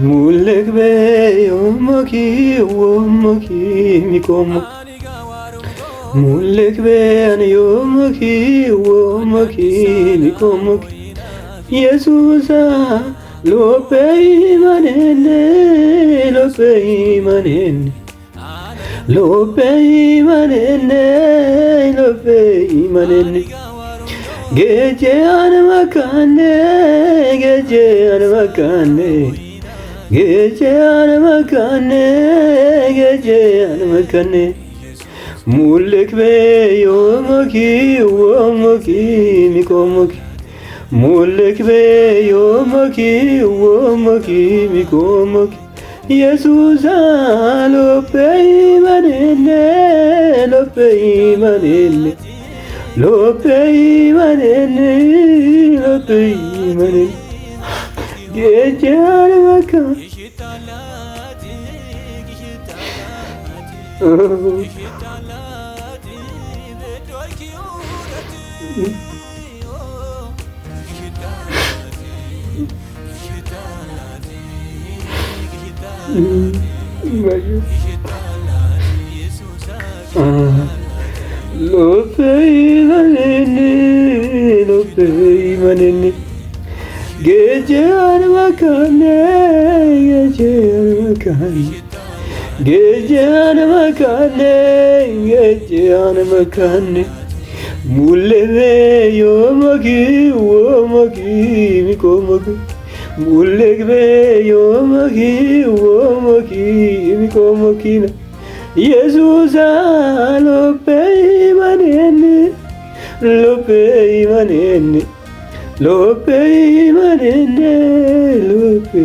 ሙልክ በዮሞኪ ወሞኪ ሚቆሞ ሙልክ በን ዮሞኪ ወሞኪ ሚቆሞ ኢየሱሳ ሎበይ ማኔነ ሎበይ ማኔነ ሎበይ ማኔነ ሎበይ ማኔነ ገጄ አንመካነ ገጄ አንመካነ ገጀያን መካነ ገጀያን መካነ ሙልክ በዮሞኪ ወሞኪ ሚቆሞኪ ሙልክ በዮሞኪ ወሞኪ ሚቆሞኪ ኢየሱስ ሎበይ ማንነ ሎበይ ማንነ ሎበይ ማንነ ሎበይ ማንነ ገጀያን መካነ Gece yarı bakan ne, gece yarı bakan ገጃን መካነ ገጃን መካነ ሙለበ ዮመጊ ወመጊ ሚቆመጊ ሙለግበ ዮመጊ ወመጊ ሚቆመጊነ ኢየሱስ ሎቤ ይመኔን ሎቤ ይመኔን ሎቤ ይመኔን ሎቤ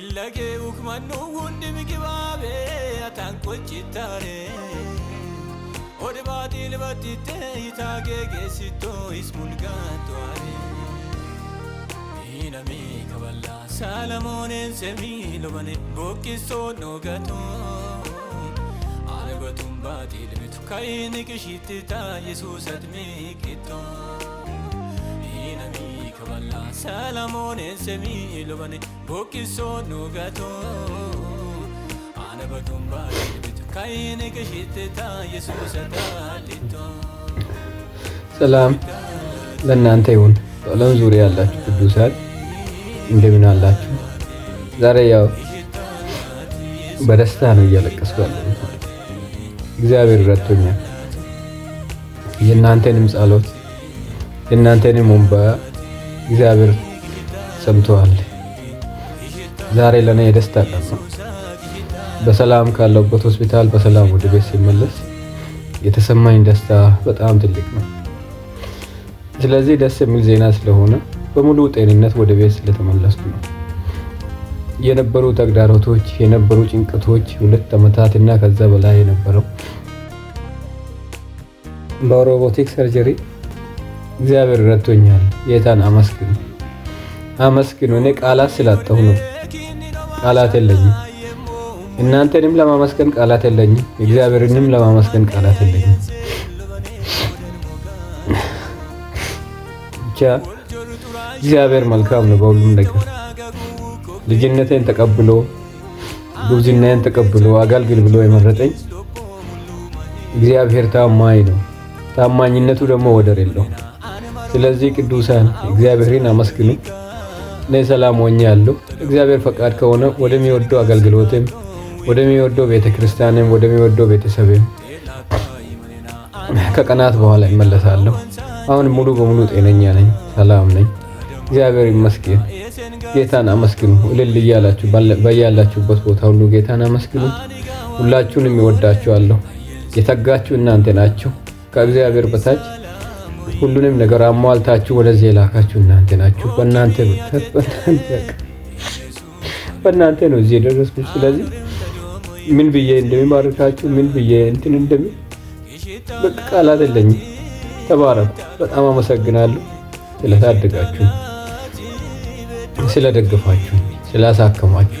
hin dhaga'u kumannuun hundi migibaabee ataan kolchitaanee. Odi baati libati tei taage geessito ismulgaatwaare. Miinami kaballa Salamooneen semii lobane boqqisoo noogatoo. Aanagatuun baati libitu ka'iini qishitti taa Yesuus admii qixxoo. ሞላ ሰለሞን ስሚ ሎበኔ ቦቂሶ ኑገቶ አነበቱም ባልቤት ካይን ቅሽትታ የሱሰታ ሊቶ ሰላም ለእናንተ ይሁን። በዓለም ዙሪያ ያላችሁ ቅዱሳን እንደምን አላችሁ? ዛሬ ያው በደስታ ነው እያለቀስኩ ያለሁት። እግዚአብሔር ረቶኛል የእናንተንም ጸሎት የእናንተንም ወንባ እግዚአብሔር ሰምተዋል። ዛሬ ለእኔ የደስታ ቀን ነው። በሰላም ካለሁበት ሆስፒታል በሰላም ወደ ቤት ሲመለስ የተሰማኝ ደስታ በጣም ትልቅ ነው። ስለዚህ ደስ የሚል ዜና ስለሆነ በሙሉ ጤንነት ወደ ቤት ስለተመለስኩ ነው። የነበሩ ተግዳሮቶች፣ የነበሩ ጭንቀቶች ሁለት ዓመታት እና ከዛ በላይ የነበረው በሮቦቲክ ሰርጀሪ እግዚአብሔር ረቶኛል። ጌታን አመስግኑ፣ አመስግኑ። እኔ ቃላት ስላጣሁ ነው፣ ቃላት የለኝም። እናንተንም ለማመስገን ቃላት የለኝም። እግዚአብሔርንም ለማመስገን ቃላት የለኝም። ብቻ እግዚአብሔር መልካም ነው በሁሉም ነገር። ልጅነቴን ተቀብሎ ጉብዝናዬን ተቀብሎ አገልግል ብሎ የመረጠኝ እግዚአብሔር ታማኝ ነው። ታማኝነቱ ደግሞ ወደር የለውም። ስለዚህ ቅዱሳን እግዚአብሔርን አመስግኑ። እኔ ሰላም ያለሁ እግዚአብሔር ፈቃድ ከሆነ ወደሚወደው አገልግሎትም ወደሚወደው ቤተ ክርስቲያንም ወደሚወደው ቤተሰብም ከቀናት በኋላ ይመለሳለሁ። አሁን ሙሉ በሙሉ ጤነኛ ነኝ፣ ሰላም ነኝ። እግዚአብሔር ይመስገን። ጌታን አመስግኑ፣ እልል እያላችሁ በያላችሁበት ቦታ ሁሉ ጌታን አመስግኑ። ሁላችሁንም ይወዳችኋለሁ። የተጋችሁ እናንተ ናችሁ ከእግዚአብሔር በታች ሁሉንም ነገር አሟልታችሁ ወደዚህ የላካችሁ እናንተ ናችሁ። በእናንተ በእናንተ ነው እዚህ የደረስኩ። ስለዚህ ምን ብዬ እንደሚማርካችሁ ምን ብዬ እንትን እንደሚ በቃ ቃል የለኝም። ተባረኩ። በጣም አመሰግናለሁ ስለታደጋችሁ፣ ስለደግፋችሁ፣ ስላሳከማችሁ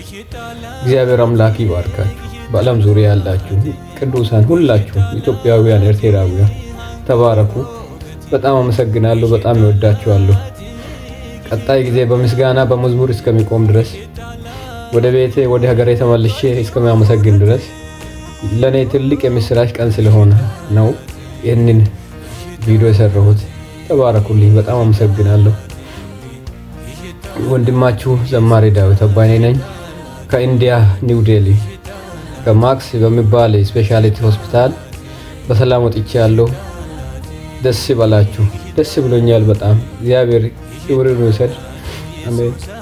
እግዚአብሔር አምላክ ይባርካችሁ። በዓለም ዙሪያ ያላችሁ ቅዱሳን ሁላችሁ ኢትዮጵያውያን፣ ኤርትራውያን ተባረኩ። በጣም አመሰግናለሁ። በጣም እወዳችኋለሁ። ቀጣይ ጊዜ በምስጋና በመዝሙር እስከሚቆም ድረስ ወደ ቤቴ ወደ ሀገሬ ተመልሼ እስከሚያመሰግን ድረስ ለእኔ ትልቅ የምስራች ቀን ስለሆነ ነው ይህንን ቪዲዮ የሰራሁት። ተባረኩልኝ። በጣም አመሰግናለሁ። ወንድማችሁ ዘማሪ ዳዊት አባኔ ነኝ ከኢንዲያ ኒው ዴሊ ከማክስ በሚባል ስፔሻሊቲ ሆስፒታል በሰላም ወጥቼ ያለሁ። ደስ ይበላችሁ። ደስ ብሎኛል በጣም እግዚአብሔር ክብርን ይውሰድ። አሜን።